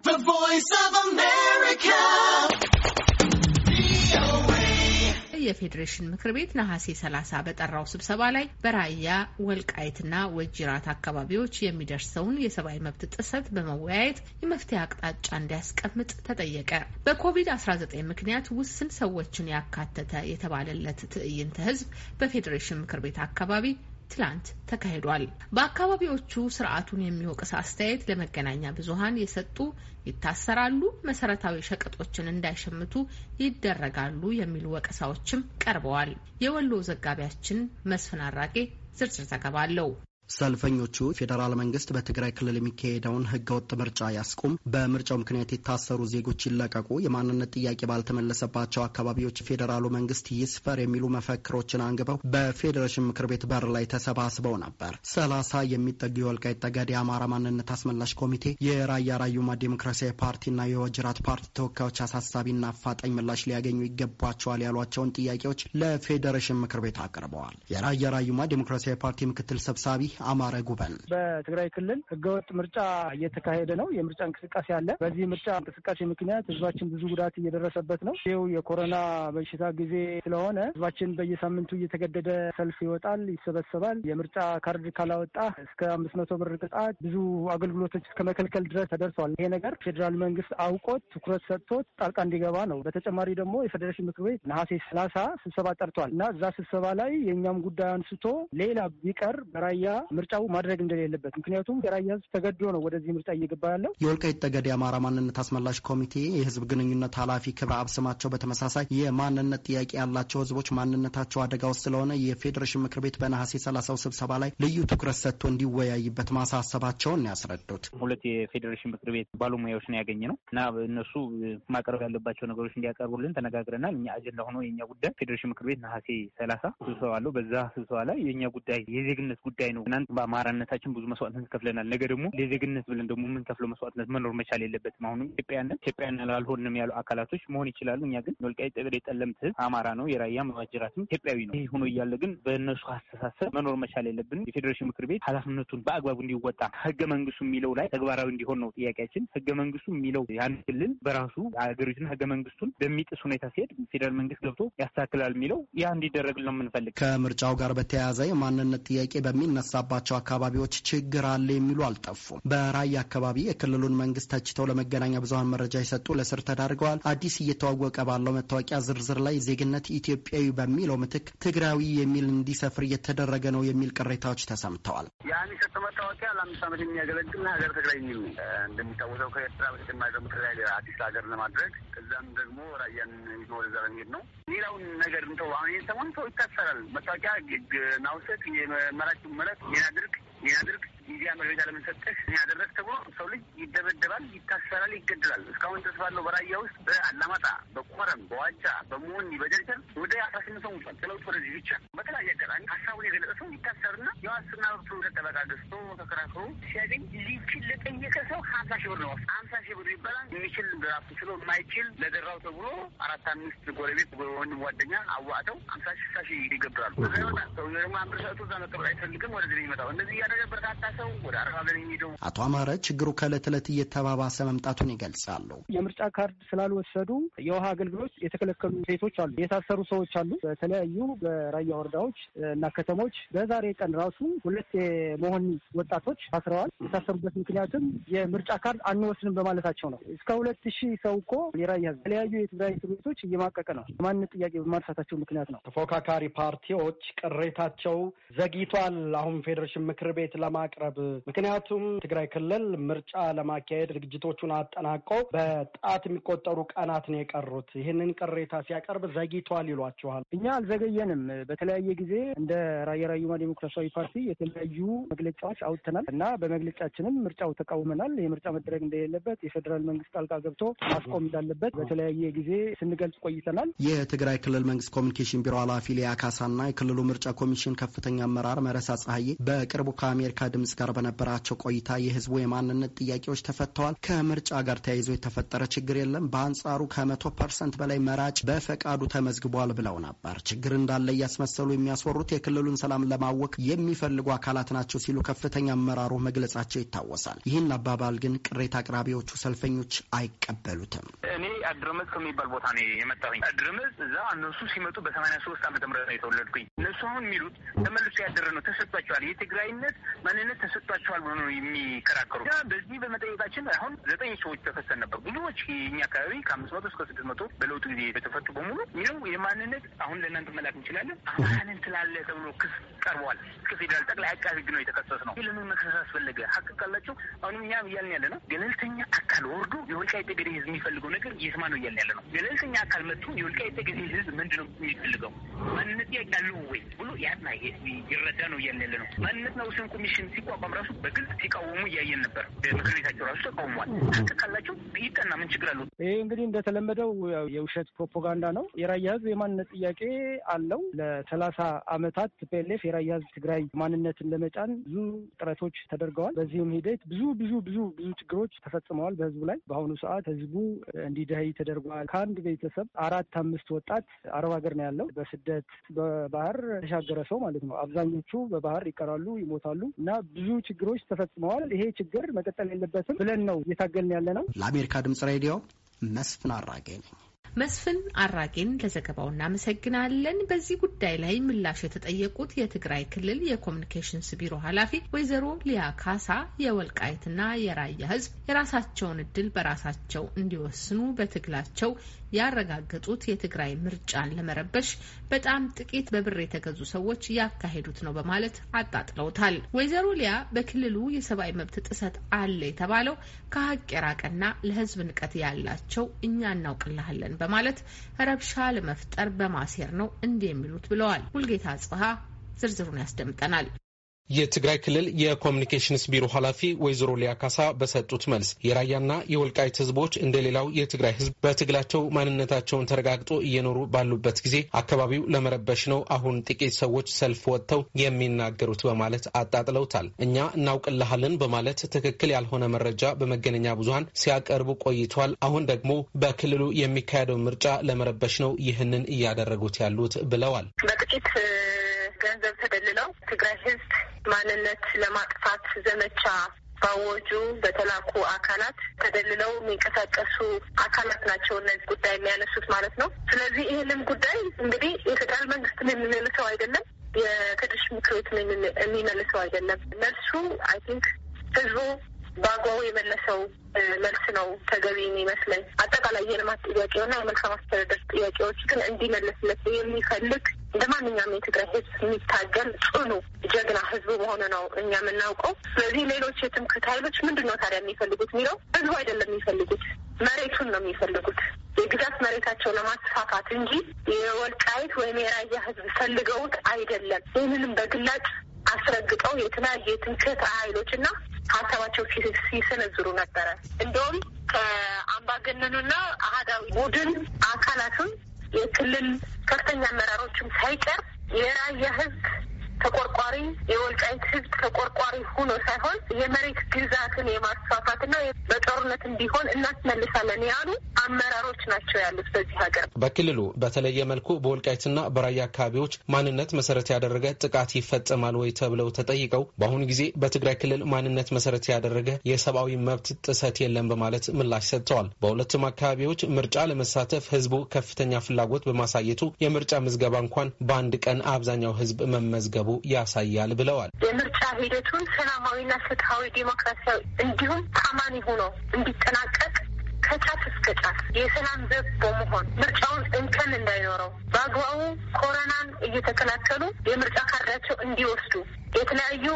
The Voice of America. የፌዴሬሽን ምክር ቤት ነሐሴ 30 በጠራው ስብሰባ ላይ በራያ ወልቃይትና ወጅራት አካባቢዎች የሚደርሰውን የሰብአዊ መብት ጥሰት በመወያየት የመፍትሄ አቅጣጫ እንዲያስቀምጥ ተጠየቀ። በኮቪድ-19 ምክንያት ውስን ሰዎችን ያካተተ የተባለለት ትዕይንተ ህዝብ በፌዴሬሽን ምክር ቤት አካባቢ ትላንት ተካሂዷል። በአካባቢዎቹ ስርዓቱን የሚወቅስ አስተያየት ለመገናኛ ብዙኃን የሰጡ ይታሰራሉ፣ መሰረታዊ ሸቀጦችን እንዳይሸምቱ ይደረጋሉ የሚሉ ወቀሳዎችም ቀርበዋል። የወሎ ዘጋቢያችን መስፍን አራጌ ዝርዝር ዘገባ አለው። ሰልፈኞቹ ፌዴራል መንግስት በትግራይ ክልል የሚካሄደውን ህገወጥ ምርጫ ያስቁም፣ በምርጫው ምክንያት የታሰሩ ዜጎች ይለቀቁ፣ የማንነት ጥያቄ ባልተመለሰባቸው አካባቢዎች ፌዴራሉ መንግስት ይስፈር የሚሉ መፈክሮችን አንግበው በፌዴሬሽን ምክር ቤት በር ላይ ተሰባስበው ነበር። ሰላሳ የሚጠጉ የወልቃይት ጠገድ የአማራ ማንነት አስመላሽ ኮሚቴ፣ የራያ ራዩማ ዴሞክራሲያዊ ፓርቲና የወጅራት ፓርቲ ተወካዮች አሳሳቢና አፋጣኝ ምላሽ ሊያገኙ ይገባቸዋል ያሏቸውን ጥያቄዎች ለፌዴሬሽን ምክር ቤት አቅርበዋል። የራያ ራዩማ ዴሞክራሲያዊ ፓርቲ ምክትል ሰብሳቢ አማረ ጉበን በትግራይ ክልል ህገወጥ ምርጫ እየተካሄደ ነው። የምርጫ እንቅስቃሴ አለ። በዚህ ምርጫ እንቅስቃሴ ምክንያት ህዝባችን ብዙ ጉዳት እየደረሰበት ነው። ይኸው የኮሮና በሽታ ጊዜ ስለሆነ ህዝባችን በየሳምንቱ እየተገደደ ሰልፍ ይወጣል፣ ይሰበሰባል። የምርጫ ካርድ ካላወጣ እስከ አምስት መቶ ብር ቅጣት፣ ብዙ አገልግሎቶች እስከ መከልከል ድረስ ተደርሷል። ይሄ ነገር ፌዴራል መንግስት አውቆት ትኩረት ሰጥቶት ጣልቃ እንዲገባ ነው። በተጨማሪ ደግሞ የፌዴሬሽን ምክር ቤት ነሐሴ ሰላሳ ስብሰባ ጠርቷል እና እዛ ስብሰባ ላይ የእኛም ጉዳይ አንስቶ ሌላ ቢቀር በራያ ምርጫው ማድረግ እንደሌለበት ምክንያቱም የራያ ህዝብ ተገዶ ነው ወደዚህ ምርጫ እየገባ ያለው። የወልቃይት ጠገዴ የአማራ ማንነት አስመላሽ ኮሚቴ የህዝብ ግንኙነት ኃላፊ ክብረ አብስማቸው በተመሳሳይ የማንነት ጥያቄ ያላቸው ህዝቦች ማንነታቸው አደጋ ውስጥ ስለሆነ የፌዴሬሽን ምክር ቤት በነሐሴ ሰላሳው ስብሰባ ላይ ልዩ ትኩረት ሰጥቶ እንዲወያይበት ማሳሰባቸውን ያስረዱት ሁለት የፌዴሬሽን ምክር ቤት ባለሙያዎች ነው ያገኘ ነው እና እነሱ ማቅረብ ያለባቸው ነገሮች እንዲያቀርቡልን ተነጋግረናል። እኛ አጀንዳ ሆኖ የኛ ጉዳይ ፌዴሬሽን ምክር ቤት ነሐሴ ሰላሳ ስብሰባ አለው። በዛ ስብሰባ ላይ የኛ ጉዳይ የዜግነት ጉዳይ ነው ትናንት በአማራነታችን ብዙ መስዋዕትነት ከፍለናል። ነገ ደግሞ ለዜግነት ብለን ደግሞ የምንከፍለው መስዋዕትነት መኖር መቻል የለበትም። አሁንም ኢትዮጵያንን ኢትዮጵያን ላልሆንም ያሉ አካላቶች መሆን ይችላሉ። እኛ ግን ወልቃይት ጠገዴ ጠለምት አማራ ነው፣ የራያ መዋጅራትም ኢትዮጵያዊ ነው። ይህ ሆኖ እያለ ግን በእነሱ አስተሳሰብ መኖር መቻል የለብን የፌዴሬሽን ምክር ቤት ኃላፊነቱን በአግባቡ እንዲወጣ ህገ መንግስቱ የሚለው ላይ ተግባራዊ እንዲሆን ነው ጥያቄያችን። ህገ መንግስቱ የሚለው ያን ክልል በራሱ ሀገሪቱን ህገ መንግስቱን በሚጥስ ሁኔታ ሲሄድ ፌዴራል መንግስት ገብቶ ያስተካክላል የሚለው ያ እንዲደረግ ነው የምንፈልግ። ከምርጫው ጋር በተያያዘ የማንነት ጥያቄ በሚነሳ በተነሳባቸው አካባቢዎች ችግር አለ የሚሉ አልጠፉም። በራያ አካባቢ የክልሉን መንግስት ተችተው ለመገናኛ ብዙሀን መረጃ የሰጡ ለስር ተዳርገዋል። አዲስ እየተዋወቀ ባለው መታወቂያ ዝርዝር ላይ ዜግነት ኢትዮጵያዊ በሚለው ምትክ ትግራዊ የሚል እንዲሰፍር እየተደረገ ነው የሚል ቅሬታዎች ተሰምተዋል። ያን መታወቂያ ለአምስት ዓመት የሚያገለግል ሀገር ትግራይ የሚል እንደሚታወሰው ከኤርትራ በተጨማሪ ደግሞ ትግራይ አዲስ ሀገር ለማድረግ ከዛም ደግሞ ራያን ይዞ ወደዛ ለመሄድ ነው። ሌላውን ነገር እንተው። አሁን ይህን ሰሞን ሰው ይታሰራል። መታወቂያ ግግ ናውሰት መራጭ መረጥ ይህ አድርግ ይህ አድርግ ሚዲያ መረጃ ለምንሰጠሽ ያደረግ ተብሎ ሰው ልጅ ይደበደባል፣ ይታሰራል፣ ይገደላል። እስካሁን ድረስ ባለው በራያ ውስጥ በአላማጣ፣ በኮረም፣ በዋጃ፣ በመሆኒ፣ በደርጀን ወደ አስራ ስምንት ሰው ሙቷል። ስለውጥ ወደዚህ ብቻ በተለያየ አጋጣሚ ሀሳቡን የገለጸ ሰው ይታሰርና የዋስትና መብቱ ወደ ጠበቃ ገዝቶ ተከራክሮ ሲያገኝ ሊችል ለጠየቀ ሰው ሀምሳ ሺህ ብር ነው ሀምሳ ሺህ ብር ይባላል። የሚችል ራሱ ችሎ የማይችል ለደራው ተብሎ አራት አምስት ጎረቤት ወንድም ጓደኛ አዋጥተው ሀምሳ ሺህ ሳ ሺህ ይገብራሉ። ሰው ደግሞ አምር ሰቱ እዛ መቀበል አይፈልግም ወደዚህ ይመጣው እነዚህ እያደረገ በርካታ ሰው ወደ አርባ ብር የሚሄደው። አቶ አማረ ችግሩ ከእለት እለት እየተባባሰ መምጣቱን ይገልጻሉ። የምርጫ ካርድ ስላልወሰዱ የውሃ አገልግሎት የተከለከሉ ሴቶች አሉ፣ የታሰሩ ሰዎች አሉ። በተለያዩ በራያ ወረዳዎች እና ከተሞች በዛሬ ቀን ራሱ ሁለት የመሆን ወጣቶች ታስረዋል። የታሰሩበት ምክንያትም የምርጫ ካርድ አንወስንም በማለታቸው ነው። እስከ ሁለት ሺህ ሰው እኮ የራያ የተለያዩ የትግራይ እስር ቤቶች እየማቀቀ ነው። ማንን ጥያቄ በማንሳታቸው ምክንያት ነው። ተፎካካሪ ፓርቲዎች ቅሬታቸው ዘግይቷል፣ አሁን ፌዴሬሽን ምክር ቤት ለማቅረብ መቅረብ ምክንያቱም ትግራይ ክልል ምርጫ ለማካሄድ ዝግጅቶቹን አጠናቀው በጣት የሚቆጠሩ ቀናት ነው የቀሩት። ይህንን ቅሬታ ሲያቀርብ ዘግይቷል ይሏችኋል። እኛ አልዘገየንም። በተለያየ ጊዜ እንደ ራያ ራዩማ ዴሞክራሲያዊ ፓርቲ የተለያዩ መግለጫዎች አውጥተናል እና በመግለጫችንም ምርጫው ተቃውመናል። የምርጫ መደረግ እንደሌለበት የፌዴራል መንግስት ጣልቃ ገብቶ ማስቆም እንዳለበት በተለያየ ጊዜ ስንገልጽ ቆይተናል። የትግራይ ክልል መንግስት ኮሚኒኬሽን ቢሮ ኃላፊ ሊያ ካሳና የክልሉ ምርጫ ኮሚሽን ከፍተኛ አመራር መረሳ ጸሐዬ በቅርቡ ከአሜሪካ ድምጽ ድምፅ ጋር በነበራቸው ቆይታ የህዝቡ የማንነት ጥያቄዎች ተፈተዋል። ከምርጫ ጋር ተያይዞ የተፈጠረ ችግር የለም። በአንጻሩ ከመቶ ፐርሰንት በላይ መራጭ በፈቃዱ ተመዝግቧል ብለው ነበር። ችግር እንዳለ እያስመሰሉ የሚያስወሩት የክልሉን ሰላም ለማወክ የሚፈልጉ አካላት ናቸው ሲሉ ከፍተኛ አመራሩ መግለጻቸው ይታወሳል። ይህን አባባል ግን ቅሬታ አቅራቢዎቹ ሰልፈኞች አይቀበሉትም። እኔ አድርምጽ ከሚባል ቦታ ነው የመጣሁኝ። አድርምጽ እዛ እነሱ ሲመጡ በሰማንያ ሶስት ዓመተ ምህረት ነው የተወለድኩኝ። እነሱ አሁን የሚሉት ተመልሶ ያደረ ነው ተሰጥቷቸዋል። የትግራይነት ማንነት ተሰጥቷቸዋል ብሎ ነው የሚከራከሩ። በዚህ በመጠየቃችን አሁን ዘጠኝ ሰዎች ተፈሰን ነበር። ብዙዎች የኛ አካባቢ ከአምስት መቶ እስከ ስድስት መቶ በለውጥ ጊዜ የተፈቱ በሙሉ ይኸው የማንነት አሁን ለእናንተ መላክ እንችላለን አማንን ትላለ ተብሎ ክስ ቀርቧል። እስከ ፌዴራል ጠቅላይ አቃቤ ሕግ ነው የተከሰስ ነው። ለምን መክሰስ አስፈለገ? ሀቅ ካላቸው አሁንም እኛ እያልን ያለ ነው ገለልተኛ አካል ወርዶ የወልቃይት ጠገዴ ሕዝብ የሚፈልገው ነገር የስማ ነው እያልን ያለ ነው። ገለልተኛ አካል መጥቶ የወልቃይት ጠገዴ ሕዝብ ምንድን ነው የሚፈልገው ማንነት ያለው ወይ ብሎ ያ ይረዳ ነው እያልን ያለ ነው። ማንነት ወሰን ኮሚሽን ሲቋቋም ራሱ በግልጽ ሲቃወሙ እያየን ነበር። ምክር ቤታቸው ራሱ ተቃውሟል። ሀቅ ካላቸው ይጠና ምን ችግር አለው? ይህ እንግዲህ እንደተለመደው የውሸት ፕሮፓጋንዳ ነው። የራያ ህዝብ የማንነት ጥያቄ አለው። ለሰላሳ አመታት ቲፒኤልኤፍ የራያ ህዝብ ትግራይ ማንነትን ለመጫን ብዙ ጥረቶች ተደርገዋል። በዚህም ሂደት ብዙ ብዙ ብዙ ብዙ ችግሮች ተፈጽመዋል በህዝቡ ላይ። በአሁኑ ሰዓት ህዝቡ እንዲደህይ ተደርጓል። ከአንድ ቤተሰብ አራት አምስት ወጣት አረብ ሀገር ነው ያለው በስደት በባህር ተሻገረ ሰው ማለት ነው። አብዛኞቹ በባህር ይቀራሉ፣ ይሞታሉ እና ብዙ ችግሮች ተፈጽመዋል። ይሄ ችግር መቀጠል የለበትም ብለን ነው እየታገልን ያለ ነው። ለአሜሪካ ድምጽ ሬዲዮ መስፍን አራጌ ነኝ። መስፍን አራጌን ለዘገባው እናመሰግናለን። በዚህ ጉዳይ ላይ ምላሽ የተጠየቁት የትግራይ ክልል የኮሚኒኬሽንስ ቢሮ ኃላፊ ወይዘሮ ሊያ ካሳ የወልቃይትና የራያ ህዝብ የራሳቸውን እድል በራሳቸው እንዲወስኑ በትግላቸው ያረጋገጡት የትግራይ ምርጫን ለመረበሽ በጣም ጥቂት በብር የተገዙ ሰዎች ያካሄዱት ነው በማለት አጣጥለውታል። ወይዘሮ ሊያ በክልሉ የሰብአዊ መብት ጥሰት አለ የተባለው ከሀቅ የራቀና ለህዝብ ንቀት ያላቸው እኛ እናውቅልሃለን በማለት ረብሻ ለመፍጠር በማሴር ነው እንዲህ የሚሉት ብለዋል። ሁልጌታ ጽሀ ዝርዝሩን ያስደምጠናል። የትግራይ ክልል የኮሚኒኬሽንስ ቢሮ ኃላፊ ወይዘሮ ሊያ ካሳ በሰጡት መልስ የራያና የወልቃይት ህዝቦች እንደ ሌላው የትግራይ ህዝብ በትግላቸው ማንነታቸውን ተረጋግጦ እየኖሩ ባሉበት ጊዜ አካባቢው ለመረበሽ ነው አሁን ጥቂት ሰዎች ሰልፍ ወጥተው የሚናገሩት በማለት አጣጥለውታል። እኛ እናውቅልሃልን በማለት ትክክል ያልሆነ መረጃ በመገናኛ ብዙሀን ሲያቀርቡ ቆይቷል። አሁን ደግሞ በክልሉ የሚካሄደው ምርጫ ለመረበሽ ነው ይህንን እያደረጉት ያሉት ብለዋል። በጥቂት ገንዘብ ተደልለው ትግራይ ህዝብ ማንነት ለማጥፋት ዘመቻ ባወጁ በተላኩ አካላት ተደልለው የሚንቀሳቀሱ አካላት ናቸው እነዚህ ጉዳይ የሚያነሱት ማለት ነው። ስለዚህ ይህንም ጉዳይ እንግዲህ የፌዴራል መንግስትን የሚመልሰው አይደለም፣ የፌዴሬሽን ምክር ቤትን የሚመልሰው አይደለም። እነሱ አይ ቲንክ ህዝቡ በአግባቡ የመለሰው መልስ ነው ተገቢ የሚመስለኝ። አጠቃላይ የልማት ጥያቄውና የመልካም አስተዳደር ጥያቄዎች ግን እንዲመለስለት የሚፈልግ እንደ ማንኛውም የትግራይ ሕዝብ የሚታገል ጽኑ ጀግና ሕዝብ መሆኑ ነው እኛ የምናውቀው። ስለዚህ ሌሎች የትምክህት ኃይሎች ምንድን ነው ታዲያ የሚፈልጉት የሚለው ሕዝቡ አይደለም የሚፈልጉት መሬቱን ነው የሚፈልጉት የግዛት መሬታቸው ለማስፋፋት እንጂ የወልቃይት ወይም የራያ ሕዝብ ፈልገውት አይደለም። ይህንንም በግላጭ አስረግጠው የተለያዩ የትምክህት ኃይሎችና። ሀሳባቸው ሲሰነዝሩ ነበረ። እንደውም ከአምባገነኑና አህዳዊ ቡድን አካላትም የክልል ከፍተኛ አመራሮችም ሳይቀር የራያ ህዝብ ተቆርቋሪ የወልቃይት ህዝብ ተቆርቋሪ ሆኖ ሳይሆን የመሬት ግዛትን የማስፋፋትና በጦርነት እንዲሆን እናስመልሳለን ያሉ አመራሮች ናቸው ያሉት በዚህ ሀገር። በክልሉ በተለየ መልኩ በወልቃይትና በራያ አካባቢዎች ማንነት መሰረት ያደረገ ጥቃት ይፈጸማል ወይ ተብለው ተጠይቀው በአሁኑ ጊዜ በትግራይ ክልል ማንነት መሰረት ያደረገ የሰብአዊ መብት ጥሰት የለም በማለት ምላሽ ሰጥተዋል። በሁለቱም አካባቢዎች ምርጫ ለመሳተፍ ህዝቡ ከፍተኛ ፍላጎት በማሳየቱ የምርጫ ምዝገባ እንኳን በአንድ ቀን አብዛኛው ህዝብ መመዝገቡ ሀሳቡ ያሳያል ብለዋል። የምርጫ ሂደቱን ሰላማዊና ፍትሐዊ ዲሞክራሲያዊ እንዲሁም ታማኒ ሆኖ እንዲጠናቀቅ ከጫት እስከ ጫት የሰላም ዘብ በመሆን ምርጫውን እንከን እንዳይኖረው በአግባቡ ኮረናን እየተከላከሉ የምርጫ ካርዳቸው እንዲወስዱ የተለያዩ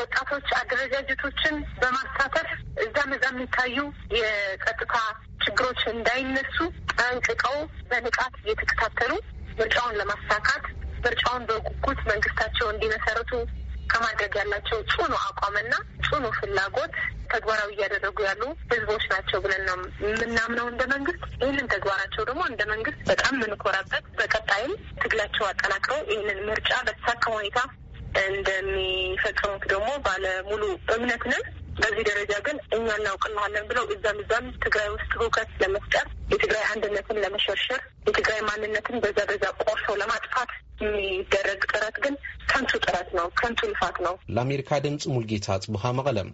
ወጣቶች አደረጃጀቶችን በማሳተፍ እዛም እዛ የሚታዩ የጸጥታ ችግሮች እንዳይነሱ ጠንቅቀው በንቃት እየተከታተሉ ምርጫውን ለማሳካት ምርጫውን በጉጉት መንግስታቸው እንዲመሰረቱ ከማድረግ ያላቸው ጽኑ አቋምና ጽኑ ፍላጎት ተግባራዊ እያደረጉ ያሉ ህዝቦች ናቸው ብለን ነው የምናምነው እንደ መንግስት። ይህንን ተግባራቸው ደግሞ እንደ መንግስት በጣም የምንኮራበት፣ በቀጣይም ትግላቸው አጠናክረው ይህንን ምርጫ በተሳካ ሁኔታ እንደሚፈጽሙት ደግሞ ባለሙሉ እምነት ነን። በዚህ ደረጃ ግን እኛ እናውቅልሃለን ብለው እዛም እዛም ትግራይ ውስጥ ሁከት ለመፍጠር የትግራይ አንድነትን ለመሸርሸር የትግራይ ማንነትን በዛ በዛ ቆርሶ ለማጥፋት የሚደረግ ጥረት ግን ከንቱ ጥረት ነው፣ ከንቱ ልፋት ነው። ለአሜሪካ ድምፅ ሙልጌታ ጽቡሃ መቀለም